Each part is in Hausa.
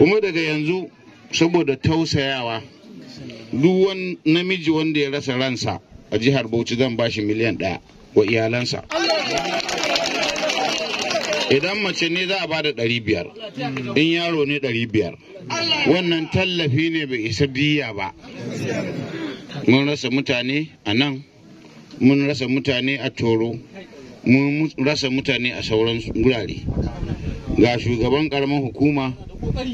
kuma daga yanzu saboda tausayawa duk namiji wanda ya rasa ransa a jihar bauchi zan bashi miliyan ɗaya wa iyalansa idan mace ne za a ba da ɗari biyar in yaro ne ɗari biyar wannan tallafi ne bai isa diya ba mun rasa mutane a nan mun rasa mutane a toro mun rasa mutane a sauran gurare ga shugaban karamin hukuma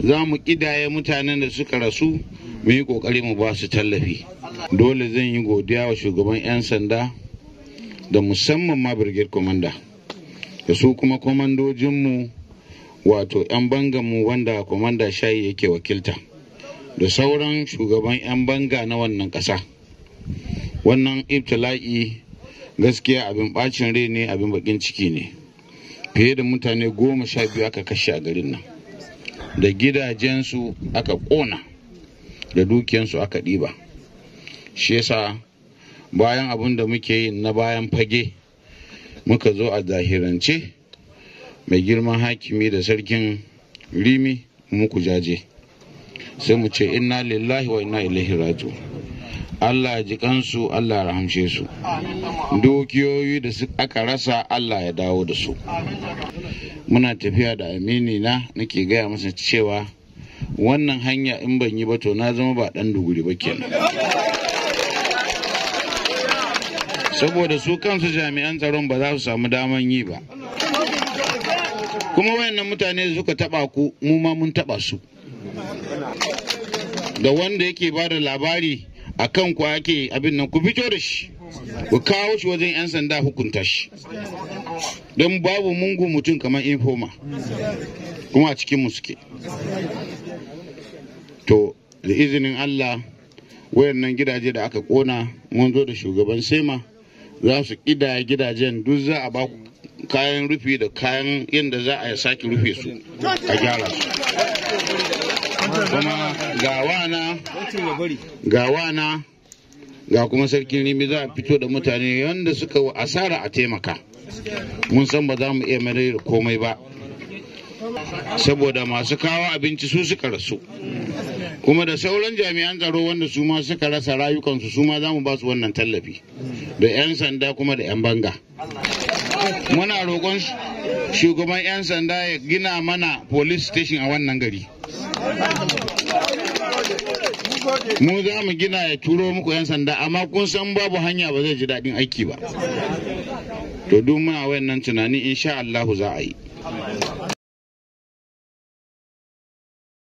za mu ƙidaye mutanen da suka rasu mu yi kokari mu ba su tallafi dole zan yi godiya wa shugaban 'yan sanda da musamman ma brigade commander da su kuma komandojinmu wato 'yan mu wanda komanda shayi yake wakilta da sauran shugaban 'yan banga na wannan ƙasa wannan ibtila'i gaskiya abin bacin rai ne abin bakin ciki ne fiye da mutane goma sha biyu aka kashe a garin nan da gidajensu aka ƙona da dukiyansu aka ɗiba shi yasa bayan abin da muke yi na bayan fage muka zo a zahirance mai girman hakimi da sarkin rimi muku jaje sai mu ce inna lillahi wa inna ilaihi raju Allah ji kansu Allah rahamshe su dukiyoyi da aka rasa Allah ya dawo da su muna tafiya da amini na nake gaya masa cewa wannan hanya in ban yi ba to na zama ba dan duguri ba kenan saboda su kansu jami'an tsaron ba za su samu daman yi ba kuma wayannan mutane da suka taba ku mu ma mun taba su da wanda yake ba da labari a kan ku ake abin nan ku fito da shi ku kawo shi wajen 'yan sanda hukunta shi don babu mungu mutum kamar infoma kuma a cikinmu suke to da izinin allah wayannan gidaje da aka kona mun zo da shugaban sema za su ƙida gidajen duk za a ba kayan rufi da kayan yadda za a sake rufe su a gyara su kuma gawana ga kuma sarkin rimi za a fito da mutane yadda suka wa asara a taimaka mun san ba za mu iya mai komai ba saboda masu kawo abinci su suka rasu kuma da sauran jami'an tsaro wanda su ma suka rasa rayukansu su ma za mu ba su wannan tallafi da 'yan sanda kuma da 'yan banga muna roƙon shugaban 'yan sanda ya gina mana police station a wannan gari mu za mu gina ya turo muku 'yan sanda amma kun san babu hanya ba zai ji daɗin aiki ba to duk muna wayannan tunani insha Allahu za a yi